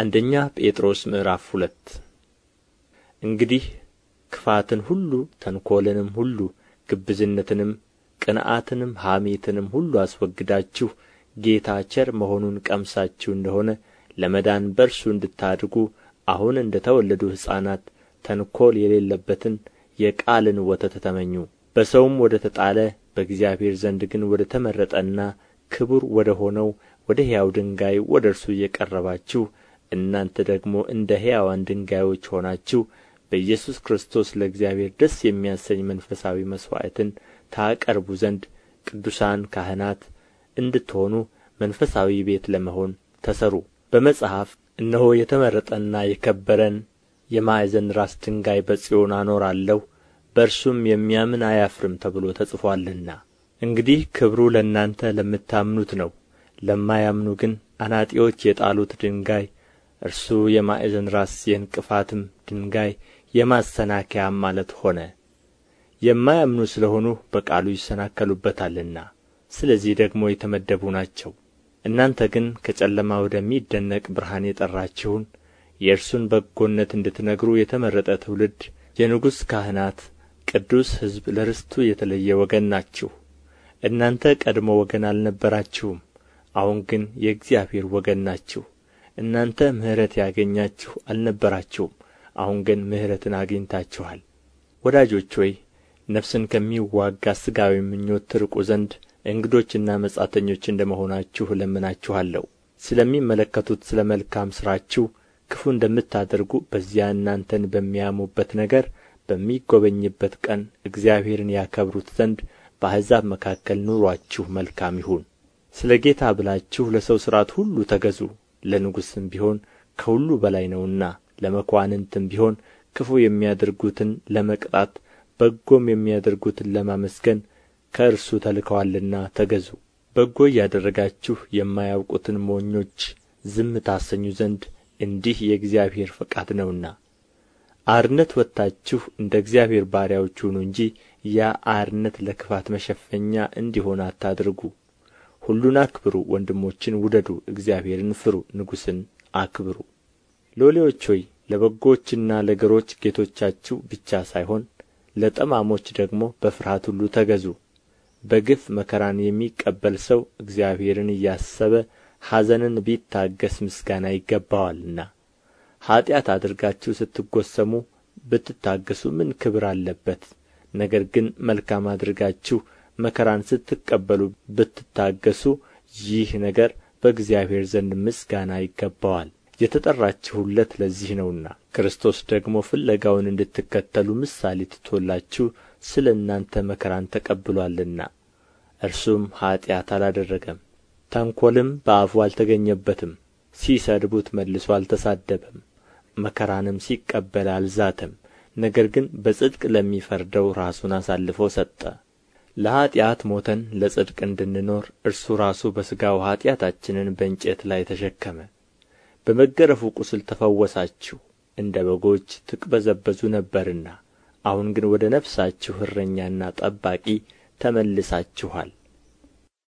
አንደኛ ጴጥሮስ ምዕራፍ ሁለት እንግዲህ ክፋትን ሁሉ ተንኮልንም ሁሉ ግብዝነትንም ቅንዓትንም ሐሜትንም ሁሉ አስወግዳችሁ ጌታ ቸር መሆኑን ቀምሳችሁ እንደሆነ ለመዳን በርሱ እንድታድጉ አሁን እንደ ተወለዱ ሕፃናት ተንኰል የሌለበትን የቃልን ወተት ተመኙ። በሰውም ወደ ተጣለ በእግዚአብሔር ዘንድ ግን ወደ ተመረጠና ክቡር ወደ ሆነው ወደ ሕያው ድንጋይ ወደ እርሱ እየቀረባችሁ እናንተ ደግሞ እንደ ሕያዋን ድንጋዮች ሆናችሁ በኢየሱስ ክርስቶስ ለእግዚአብሔር ደስ የሚያሰኝ መንፈሳዊ መሥዋዕትን ታቀርቡ ዘንድ ቅዱሳን ካህናት እንድትሆኑ መንፈሳዊ ቤት ለመሆን ተሰሩ በመጽሐፍ እነሆ የተመረጠና የከበረን የማዕዘን ራስ ድንጋይ በጽዮን አኖራለሁ በእርሱም የሚያምን አያፍርም ተብሎ ተጽፏልና። እንግዲህ ክብሩ ለእናንተ ለምታምኑት ነው ለማያምኑ ግን አናጢዎች የጣሉት ድንጋይ እርሱ የማዕዘን ራስ የእንቅፋትም ድንጋይ የማሰናከያ ማለት ሆነ። የማያምኑ ስለ ሆኑ በቃሉ ይሰናከሉበታልና ስለዚህ ደግሞ የተመደቡ ናቸው። እናንተ ግን ከጨለማ ወደሚደነቅ ብርሃን የጠራችሁን የእርሱን በጎነት እንድትነግሩ የተመረጠ ትውልድ፣ የንጉሥ ካህናት፣ ቅዱስ ሕዝብ፣ ለርስቱ የተለየ ወገን ናችሁ። እናንተ ቀድሞ ወገን አልነበራችሁም፣ አሁን ግን የእግዚአብሔር ወገን ናችሁ። እናንተ ምሕረት ያገኛችሁ አልነበራችሁም አሁን ግን ምሕረትን አግኝታችኋል ወዳጆች ሆይ ነፍስን ከሚዋጋ ሥጋዊ ምኞት ትርቁ ዘንድ እንግዶችና መጻተኞች እንደ መሆናችሁ እለምናችኋለሁ ስለሚመለከቱት ስለ መልካም ሥራችሁ ክፉ እንደምታደርጉ በዚያ እናንተን በሚያሙበት ነገር በሚጎበኝበት ቀን እግዚአብሔርን ያከብሩት ዘንድ በአሕዛብ መካከል ኑሮአችሁ መልካም ይሁን ስለ ጌታ ብላችሁ ለሰው ሥርዓት ሁሉ ተገዙ ለንጉሥም ቢሆን ከሁሉ በላይ ነውና ለመኳንንትም ቢሆን ክፉ የሚያደርጉትን ለመቅጣት በጎም የሚያደርጉትን ለማመስገን ከእርሱ ተልከዋልና ተገዙ በጎ እያደረጋችሁ የማያውቁትን ሞኞች ዝም ታሰኙ ዘንድ እንዲህ የእግዚአብሔር ፈቃድ ነውና አርነት ወጥታችሁ እንደ እግዚአብሔር ባሪያዎች ሁኑ እንጂ ያ አርነት ለክፋት መሸፈኛ እንዲሆን አታድርጉ ሁሉን አክብሩ ወንድሞችን ውደዱ እግዚአብሔርን ፍሩ ንጉሥን አክብሩ ሎሌዎች ሆይ ለበጎዎችና ለገሮች ጌቶቻችሁ ብቻ ሳይሆን ለጠማሞች ደግሞ በፍርሃት ሁሉ ተገዙ በግፍ መከራን የሚቀበል ሰው እግዚአብሔርን እያሰበ ሐዘንን ቢታገስ ምስጋና ይገባዋልና ኀጢአት አድርጋችሁ ስትጎሰሙ ብትታገሱ ምን ክብር አለበት ነገር ግን መልካም አድርጋችሁ መከራን ስትቀበሉ ብትታገሱ ይህ ነገር በእግዚአብሔር ዘንድ ምስጋና ይገባዋል የተጠራችሁለት ለዚህ ነውና ክርስቶስ ደግሞ ፍለጋውን እንድትከተሉ ምሳሌ ትቶላችሁ ስለ እናንተ መከራን ተቀብሏልና እርሱም ኀጢአት አላደረገም ተንኰልም በአፉ አልተገኘበትም ሲሰድቡት መልሶ አልተሳደበም መከራንም ሲቀበል አልዛተም ነገር ግን በጽድቅ ለሚፈርደው ራሱን አሳልፎ ሰጠ ለኃጢአት ሞተን ለጽድቅ እንድንኖር እርሱ ራሱ በሥጋው ኃጢአታችንን በእንጨት ላይ ተሸከመ በመገረፉ ቁስል ተፈወሳችሁ እንደ በጎች ትቅበዘበዙ ነበርና አሁን ግን ወደ ነፍሳችሁ እረኛና ጠባቂ ተመልሳችኋል